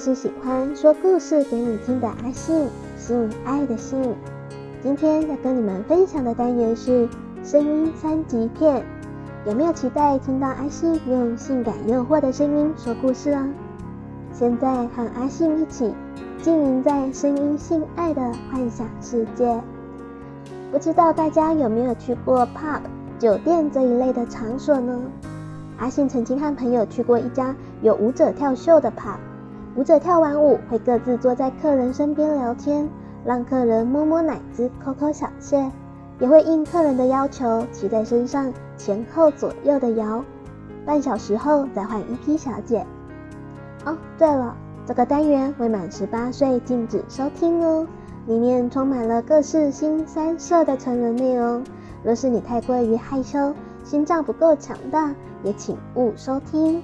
是喜歡說故事給你聽的阿性，性愛的性。今天要跟你們分享的單元是聲音三級片，有沒有期待聽到阿性用性感誘惑的聲音說故事哦、啊？現在和阿性一起，經營在聲音性愛的幻想世界。不知道大家有沒有去過 pub 酒店這一類的場所呢？阿性曾經和朋友去過一家有舞者跳秀的 pub。舞者跳完舞，會各自坐在客人身邊聊天，讓客人摸摸奶子，摳摳小穴，也會應客人的要求騎在身上前後左右的搖。半小時後再換一批小姐。哦，對了，這個單元未滿十八歲禁止收聽哦，裡面充滿了各式腥羶色的成人內容，若是你太過於害羞，心臟不夠強大，也請勿收聽。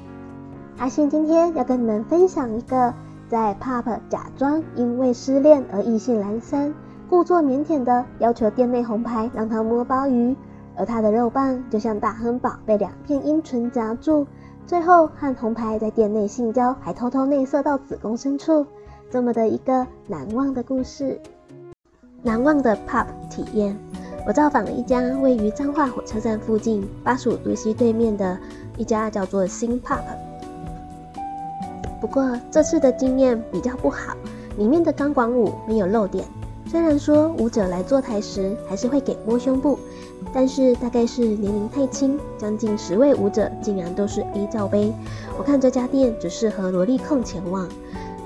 阿性今天要跟你們分享一個在 pub 假裝因為失戀而意興闌珊，故作腼腆的要求店內紅牌讓他摸鮑魚，而他的肉棒就像大亨堡被兩片陰唇夾住，最後和紅牌在店內性交，還偷偷內射到子宮深處，這麼的一個難忘的故事，難忘的 pub 體驗。我造訪了一家位於彰化火車站附近，85度 C 對面的一家叫做新 pub。不過這次的經驗比較不好，裡面的鋼管舞沒有露點。雖然說舞者來坐檯時還是會給摸胸部，但是大概是年齡太輕，將近十位舞者竟然都是 A 罩杯。我看這家店只適合蘿莉控前往。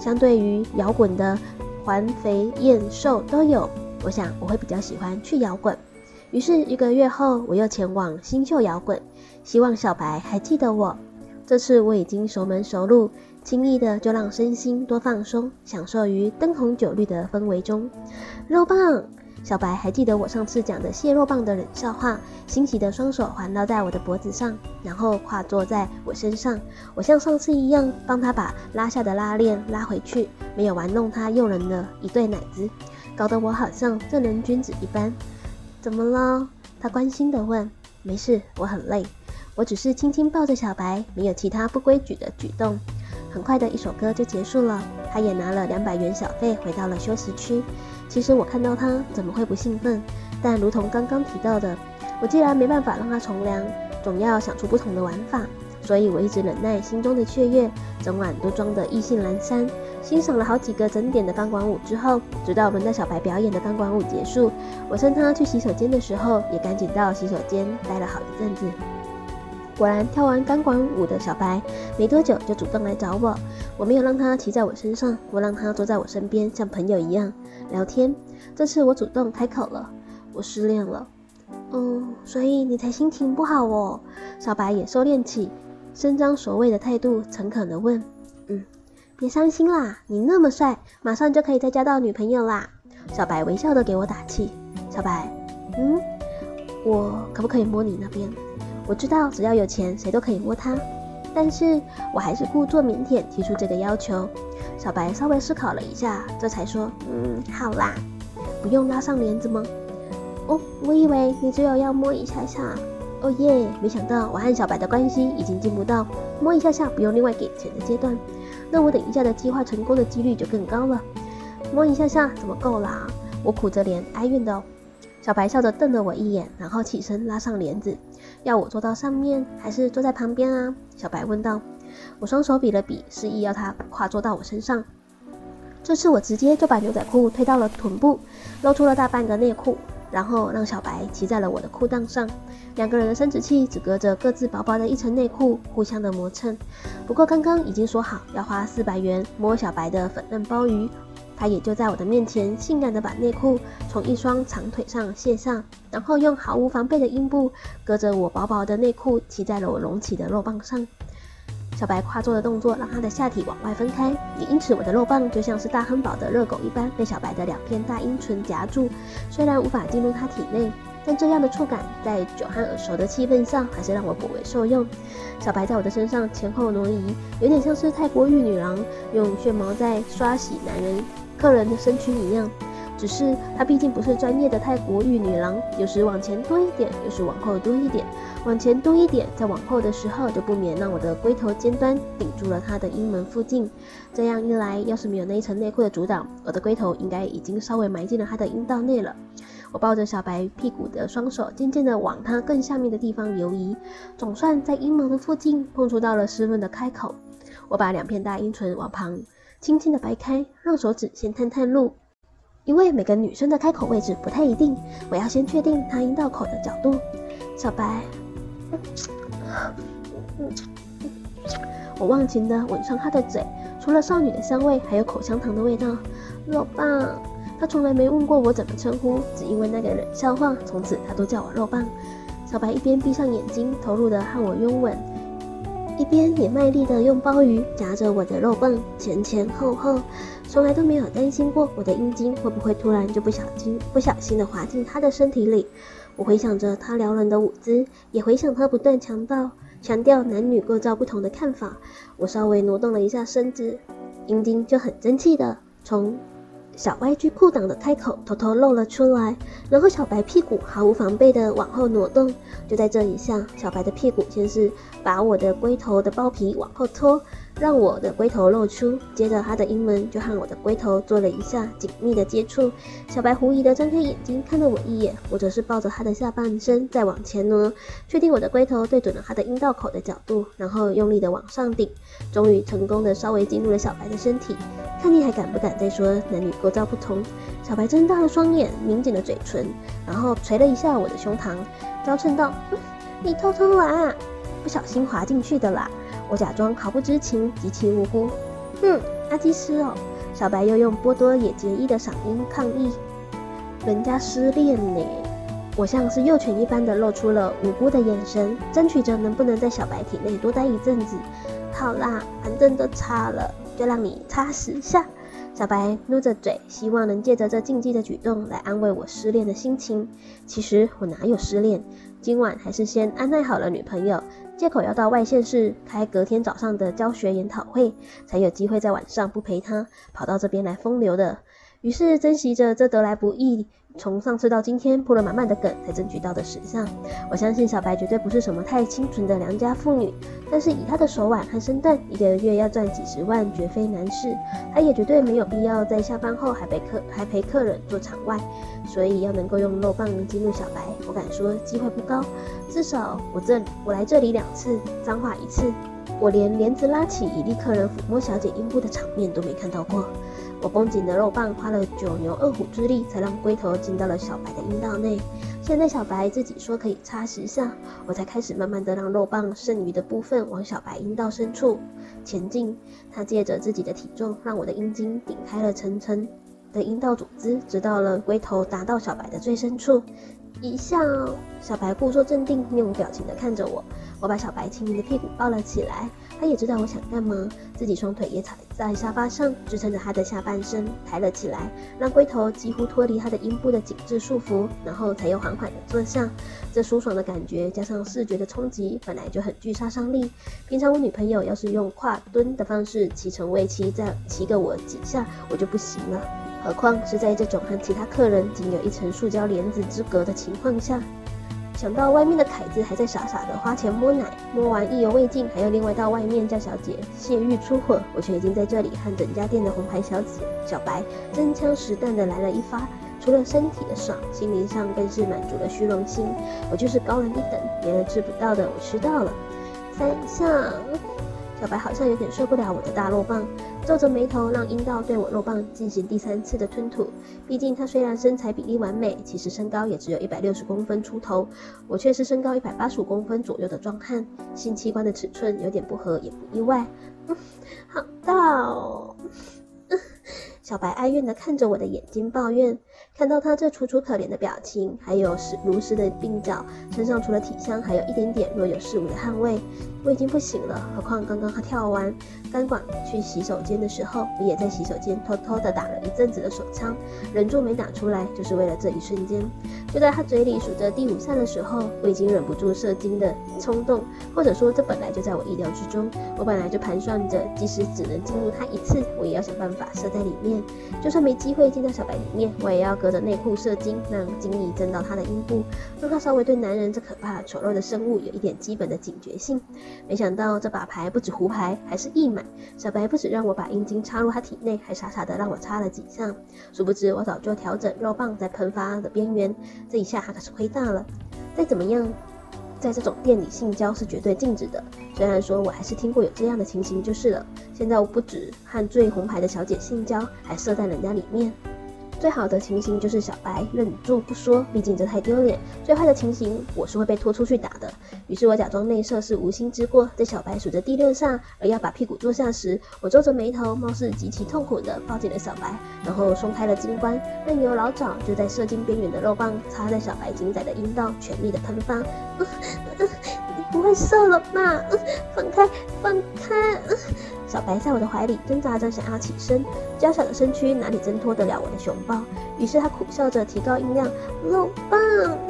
相對於搖滾的環，環肥燕瘦都有，我想我會比較喜歡去搖滾。於是一個月後，我又前往新秀搖滾，希望小白還記得我。這次我已經熟門熟路。輕易的就讓身心多放鬆，享受於燈紅酒綠的氛圍中。肉棒，小白還記得我上次講的蟹肉棒的冷笑話，欣喜的雙手環繞在我的脖子上，然後跨坐在我身上。我像上次一樣幫他把拉下的拉鏈拉回去，沒有玩弄他誘人的一對奶子，搞得我好像正人君子一般。怎麼了？他關心的問。沒事，我很累，我只是輕輕抱着小白，沒有其他不規矩的舉動。很快的一首歌就結束了，他也拿了兩百元小費回到了休息區。其實我看到他怎麼會不興奮？但如同剛剛提到的，我既然沒辦法讓他從良，總要想出不同的玩法，所以我一直忍耐心中的雀躍，整晚都裝得意興闌珊。欣賞了好幾個整點的鋼管舞之後，直到輪到小白表演的鋼管舞結束，我趁他去洗手間的時候，也趕緊到洗手間待了好一陣子。果然跳完鋼管舞的小白，沒多久就主動來找我。我沒有讓他騎在我身上，我讓他坐在我身邊，像朋友一樣聊天。這次我主動開口了，我失戀了。嗯，所以你才心情不好哦。小白也收斂起伸張所謂的態度，誠懇地問：“嗯，別傷心啦，你那麼帥，馬上就可以再交到女朋友啦。”小白微笑地給我打氣。小白，嗯，我可不可以摸你那邊？我知道，只要有錢，誰都可以摸它。但是我還是故作靦腆提出這個要求。小白稍微思考了一下，這才說：“嗯，好啦，不用拉上簾子嗎？哦，我以為你只有要摸一下下。哦耶，沒想到我和小白的關係已經進步到摸一下下不用另外給錢的階段。那我等一下的計劃成功的幾率就更高了。摸一下下怎麼夠啦？我苦着臉哀怨的、哦。”小白笑着瞪了我一眼，然後起身拉上簾子，要我坐到上面還是坐在旁邊啊？小白問道。我雙手比了比，示意要他跨坐到我身上。這次我直接就把牛仔褲推到了臀部，露出了大半個內褲，然後讓小白騎在了我的褲襠上。兩個人的生殖器只隔着各自薄薄的一層內褲，互相的磨蹭。不過剛剛已經說好要花四百元摸小白的粉嫩鮑魚。他也就在我的面前，性感的把內褲從一雙長腿上卸下，然後用毫無防備的陰部，隔着我薄薄的內褲，騎在了我隆起的肉棒上。小白跨坐的動作，讓他的下體往外分開，也因此我的肉棒就像是大亨堡的熱狗一般，被小白的兩片大陰唇夾住。雖然無法進入他體內，但這樣的觸感，在酒酣耳熱的氣氛上，還是讓我頗為受用。小白在我的身上前後挪移，有點像是泰國浴女郎用穴毛在刷洗男人。客人的身軀一樣，只是他畢竟不是專業的泰國玉女郎，有時往前多一點，有時往後多一點。往前多一點，在往後的時候，就不免讓我的龜頭尖端頂住了他的陰門附近。這樣一來，要是沒有那一層內褲的阻擋，我的龜頭應該已經稍微埋進了他的陰道內了。我抱着小白屁股的雙手，漸漸地往他更下面的地方游移，總算在陰門的附近碰觸到了濕潤的開口。我把兩片大陰唇往旁。輕輕地掰開，讓手指先探探路，因為每個女生的開口位置不太一定，我要先確定她陰道口的角度。小白，我忘情地吻上她的嘴，除了少女的香味，還有口香糖的味道。肉棒，她從來沒問過我怎麼稱呼，只因為那個冷笑話，從此她都叫我肉棒。小白一邊閉上眼睛，投入地和我擁吻。一邊也賣力的用鮑魚夾着我的肉棒，前前後後，從來都沒有擔心過我的陰莖會不會突然就不小心不小心的滑進他的身體裡。我回想着他撩人的舞姿，也回想他不斷強調強調男女構造不同的看法。我稍微挪動了一下身子，陰莖就很爭氣的從。小白 G 褲襠的開口偷偷露了出來，然後小白屁股毫無防備的往後挪動。就在這一下，小白的屁股先是把我的龜頭的包皮往後拖，讓我的龜頭露出，接着他的陰門就和我的龜頭做了一下緊密的接觸。小白狐疑的睜開眼睛看了我一眼，我則是抱着他的下半身再往前挪，確定我的龜頭對準了他的陰道口的角度，然後用力的往上頂，終於成功的稍微進入了小白的身體。看你還敢不敢再說男女構造不同？小白睜大了雙眼，抿緊了嘴唇，然後捶了一下我的胸膛，嬌嗔道：“ 你偷偷玩、啊，不小心滑進去的啦。”我假裝毫不知情，極其無辜。哼、嗯，阿基師哦！小白又用波多野結衣的嗓音抗議：“人家失戀嘞。”我像是幼犬一般的露出了無辜的眼神，爭取着能不能在小白體內多待一陣子。好啦，反正都差了。就讓你擦十下，小白擼着嘴，希望能借着這禁忌的舉動來安慰我失戀的心情。其實我哪有失戀，今晚還是先安奈好了女朋友，借口要到外縣市開隔天早上的教學研討會，才有機會在晚上不陪她跑到這邊來風流的。於是珍惜着這得來不易，從上次到今天鋪了滿滿的梗才爭取到的時尚。我相信小白絕對不是什麼太清純的良家婦女，但是以她的手腕和身段，一個月要賺幾十萬絕非難事。她也絕對沒有必要在下班後還陪客還陪客人做場外。所以要能夠用肉棒進入小白，我敢說機會不高。至少我這我來這裡兩次，髒話一次，我連簾子拉起以利客人撫摸小姐陰部的場面都沒看到過。我繃緊的肉棒花了九牛二虎之力，才讓龜頭進到了小白的陰道內。現在小白自己說可以插十下，我才開始慢慢的讓肉棒剩餘的部分往小白陰道深處前進。他借着自己的體重，讓我的陰莖頂開了層層的陰道組織，直到了龜頭達到小白的最深處。一下，小白故作鎮定，面無表情的看着我。我把小白輕盈的屁股抱了起來。他也知道我想幹嘛，自己雙腿也踩在沙發上，支撐着他的下半身抬了起來，讓龜頭幾乎脫離他的陰部的緊緻束縛，然後才又緩緩地坐下。這舒爽的感覺加上視覺的衝擊，本來就很具殺傷力。平常我女朋友要是用跨蹲的方式騎乘位騎，再騎個我幾下，我就不行了。何況是在這種和其他客人僅有一層塑膠簾子之隔的情況下。想到外面的凱子還在傻傻的花錢摸奶，摸完意猶未盡，還要另外到外面叫小姐洩慾出貨，我卻已經在這裡和整家店的紅牌小姐小白真槍實彈的來了一發，除了身體的爽，心靈上更是滿足了虛榮心。我就是高人一等，別人吃不到的我吃到了，三下。小白好像有點受不了我的大肉棒，皺着眉頭讓陰道對我肉棒進行第三次的吞吐。畢竟他雖然身材比例完美，其實身高也只有一百六十公分出頭，我卻是身高一百八十五公分左右的壯漢，性器官的尺寸有點不合也不意外。 好到， 小白哀怨地看着我的眼睛抱怨。看到他這楚楚可憐的表情，還有濕濡的鬢角，身上除了體香，還有一點點若有似無的汗味。我已經不行了，何況剛剛他跳完鋼管去洗手間的時候，我也在洗手間偷偷的打了一陣子的手槍，忍住沒打出來，就是為了這一瞬間。就在他嘴裡數着第五下的時候，我已經忍不住射精的衝動，或者說這本來就在我意料之中。我本來就盤算着，即使只能進入他一次，我也要想辦法射在裡面。就算沒機會進到小白裡面，我也要隔着內褲射精，讓精液震到他的陰部，讓他稍微對男人這可怕醜陋的生物有一點基本的警覺性。沒想到這把牌不止胡牌，還是役滿。小白不止讓我把陰莖插入他體內，還傻傻的讓我插了幾下。殊不知我早就調整肉棒在噴發的邊緣，這一下他可是虧大了。再怎麼樣，在這種店裡性交是絕對禁止的。雖然說我還是聽過有這樣的情形就是了。現在我不止和最紅牌的小姐性交，還射在人家裡面。最好的情形就是小白忍住不說，畢竟這太丟臉。最壞的情形，我是會被拖出去打的。於是我假裝內射是無心之過，在小白數着第六下而要把屁股坐下時，我皺着眉頭，貌似極其痛苦的抱緊了小白，然後鬆開了精關，任由老早就在射精邊緣的肉棒插在小白緊窄的陰道，全力的噴發、呃呃。你不會射了吧？放、呃、開放開！放開呃。小白在我的懷裡掙扎着想要起身，嬌小的身軀哪裡掙脫得了我的熊抱？於是他苦笑着提高音量，肉棒，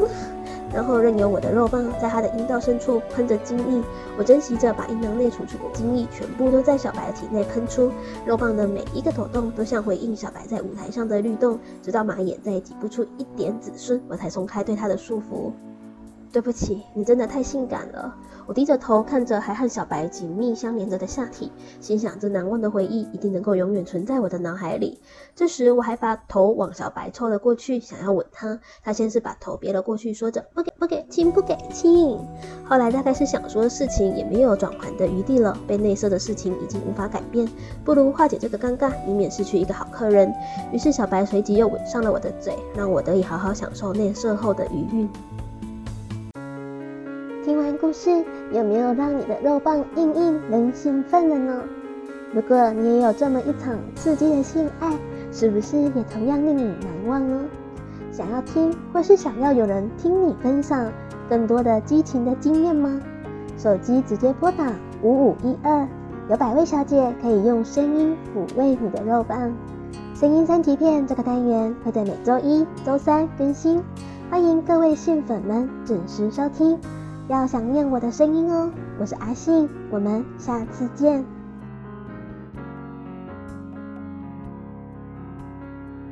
然後任由我的肉棒在他的陰道深處噴着精液。我珍惜着把陰囊內儲存的精液全部都在小白的體內噴出，肉棒的每一個抖動都像回應小白在舞台上的律動，直到馬眼再也擠不出一點子孫，我才鬆開對他的束縛。對不起，你真的太性感了。我低着頭看着還和小白緊密相連着的下體，心想這難忘的回憶一定能夠永遠存在我的腦海裡。這時我還把頭往小白湊了過去，想要吻他。他先是把頭別了過去，說着不給不給，親、okay, okay,，不給親！」後來大概是想說的事情也沒有轉款的餘地了，被內射的事情已經無法改變，不如化解這個尷尬，以免失去一個好客人。於是小白隨即又吻上了我的嘴，讓我得以好好享受內射後的餘韻。故事有沒有讓你的肉棒硬硬跟興奮了呢？如果你也有這麼一場刺激的性愛，是不是也同樣令你難忘呢？想要聽，或是想要有人聽你分享更多的激情的經驗嗎？手機直接撥打五五一二，有百位小姐可以用聲音撫慰你的肉棒。聲音三級片這個單元會在每週一、週三更新，歡迎各位性粉們準時收聽。要想念我的聲音哦，我是阿性，我們下次見。